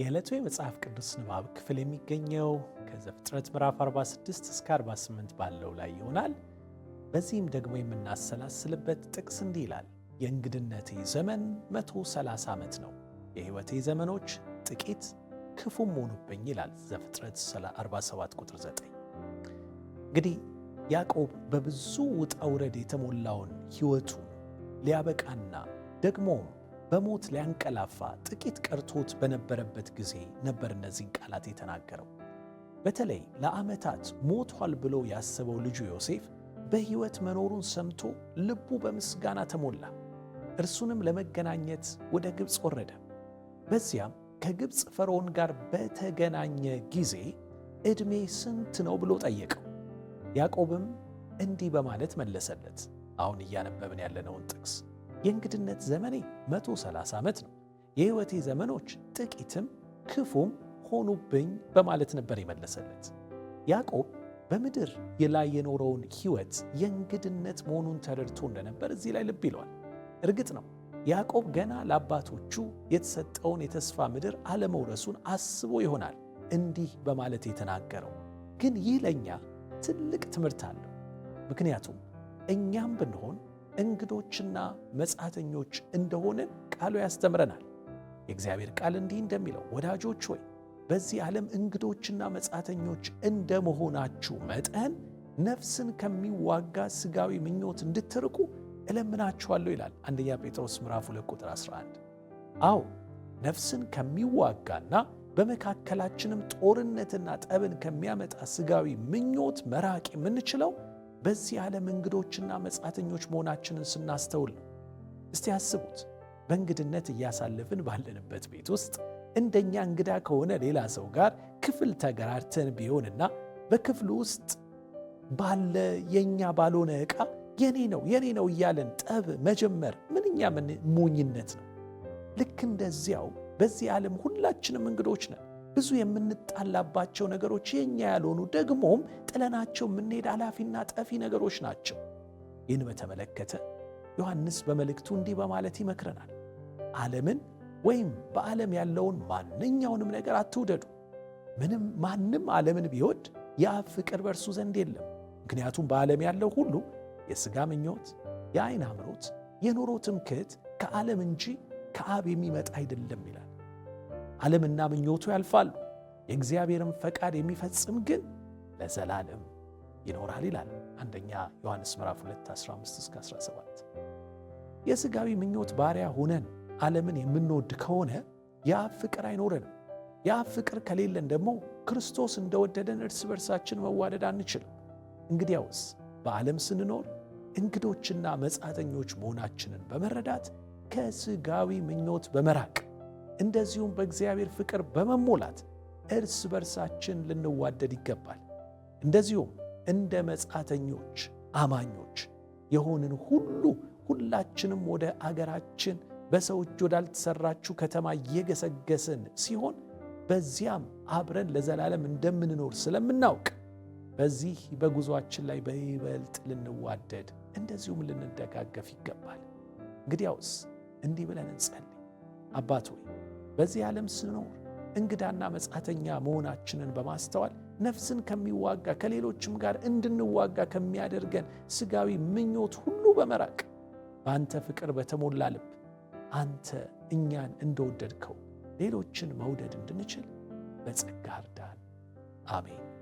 የዕለቱ የመጽሐፍ ቅዱስ ንባብ ክፍል የሚገኘው ከዘፍጥረት ምዕራፍ 46 እስከ 48 ባለው ላይ ይሆናል። በዚህም ደግሞ የምናሰላስልበት ጥቅስ እንዲህ ይላል፣ የእንግድነቴ ዘመን 130 ዓመት ነው፣ የሕይወቴ ዘመኖች ጥቂት ክፉም ሆኑብኝ ይላል ዘፍጥረት 47 ቁጥር 9። እንግዲህ ያዕቆብ በብዙ ውጣ ውረድ የተሞላውን ሕይወቱ ሊያበቃና ደግሞም በሞት ሊያንቀላፋ ጥቂት ቀርቶት በነበረበት ጊዜ ነበር እነዚህን ቃላት የተናገረው። በተለይ ለዓመታት ሞቷል ብሎ ያሰበው ልጁ ዮሴፍ በሕይወት መኖሩን ሰምቶ ልቡ በምስጋና ተሞላ። እርሱንም ለመገናኘት ወደ ግብፅ ወረደ። በዚያም ከግብፅ ፈርዖን ጋር በተገናኘ ጊዜ ዕድሜ ስንት ነው ብሎ ጠየቀው። ያዕቆብም እንዲህ በማለት መለሰለት፣ አሁን እያነበብን ያለነውን ጥቅስ የእንግድነት ዘመኔ 130 ዓመት ነው። የሕይወቴ ዘመኖች ጥቂትም ክፉም ሆኑብኝ በማለት ነበር የመለሰለት። ያዕቆብ በምድር ላይ የኖረውን ሕይወት የእንግድነት መሆኑን ተረድቶ እንደነበር እዚህ ላይ ልብ ይለዋል። እርግጥ ነው ያዕቆብ ገና ለአባቶቹ የተሰጠውን የተስፋ ምድር አለመውረሱን አስቦ ይሆናል እንዲህ በማለት የተናገረው። ግን ይህ ለእኛ ትልቅ ትምህርት አለው። ምክንያቱም እኛም ብንሆን እንግዶችና መጻተኞች እንደሆንን ቃሉ ያስተምረናል። የእግዚአብሔር ቃል እንዲህ እንደሚለው ወዳጆች ሆይ በዚህ ዓለም እንግዶችና መጻተኞች እንደመሆናችሁ መጠን ነፍስን ከሚዋጋ ሥጋዊ ምኞት እንድትርቁ እለምናችኋለሁ ይላል አንደኛ ጴጥሮስ ምዕራፍ 2 ቁጥር 11። አዎ ነፍስን ከሚዋጋና በመካከላችንም ጦርነትና ጠብን ከሚያመጣ ሥጋዊ ምኞት መራቅ የምንችለው በዚህ ዓለም እንግዶችና መጻተኞች መሆናችንን ስናስተውል ነው። እስቲ አስቡት፣ በእንግድነት እያሳለፍን ባለንበት ቤት ውስጥ እንደኛ እንግዳ ከሆነ ሌላ ሰው ጋር ክፍል ተገራርተን ቢሆንና በክፍሉ ውስጥ ባለ የእኛ ባልሆነ ዕቃ የኔ ነው የኔ ነው እያለን ጠብ መጀመር ምንኛ ሞኝነት ነው። ልክ እንደዚያው በዚህ ዓለም ሁላችንም እንግዶች ነን። ብዙ የምንጣላባቸው ነገሮች የኛ ያልሆኑ ደግሞም ጥለናቸው የምንሄድ አላፊና ጠፊ ነገሮች ናቸው። ይህን በተመለከተ ዮሐንስ በመልእክቱ እንዲህ በማለት ይመክረናል። ዓለምን ወይም በዓለም ያለውን ማንኛውንም ነገር አትውደዱ። ምንም ማንም ዓለምን ቢወድ የአብ ፍቅር በእርሱ ዘንድ የለም። ምክንያቱም በዓለም ያለው ሁሉ የሥጋ ምኞት፣ የዓይን አምሮት፣ የኑሮ ትምክህት ከዓለም እንጂ ከአብ የሚመጣ አይደለም ይላል። ዓለምና ምኞቱ ያልፋሉ፣ የእግዚአብሔርን ፈቃድ የሚፈጽም ግን ለዘላለም ይኖራል ይላል አንደኛ ዮሐንስ ምዕራፍ 2 15 እስከ 17። የሥጋዊ ምኞት ባሪያ ሆነን ዓለምን የምንወድ ከሆነ የአብ ፍቅር አይኖረንም። የአብ ፍቅር ከሌለን ደግሞ ክርስቶስ እንደወደደን እርስ በርሳችን መዋደድ አንችልም። እንግዲያውስ በዓለም ስንኖር እንግዶችና መጻተኞች መሆናችንን በመረዳት ከሥጋዊ ምኞት በመራቅ እንደዚሁም በእግዚአብሔር ፍቅር በመሞላት እርስ በርሳችን ልንዋደድ ይገባል። እንደዚሁም እንደ መጻተኞች አማኞች የሆንን ሁሉ ሁላችንም ወደ አገራችን በሰው እጅ ወዳልተሰራችው ከተማ እየገሰገስን ሲሆን በዚያም አብረን ለዘላለም እንደምንኖር ስለምናውቅ በዚህ በጉዞአችን ላይ በይበልጥ ልንዋደድ እንደዚሁም ልንደጋገፍ ይገባል። እንግዲያውስ እንዲህ ብለን እንጸልይ። አባት ሆይ በዚህ ዓለም ስኖር እንግዳና መጻተኛ መሆናችንን በማስተዋል ነፍስን ከሚዋጋ ከሌሎችም ጋር እንድንዋጋ ከሚያደርገን ስጋዊ ምኞት ሁሉ በመራቅ በአንተ ፍቅር በተሞላ ልብ አንተ እኛን እንደወደድከው ሌሎችን መውደድ እንድንችል በጸጋ እርዳን። አሜን።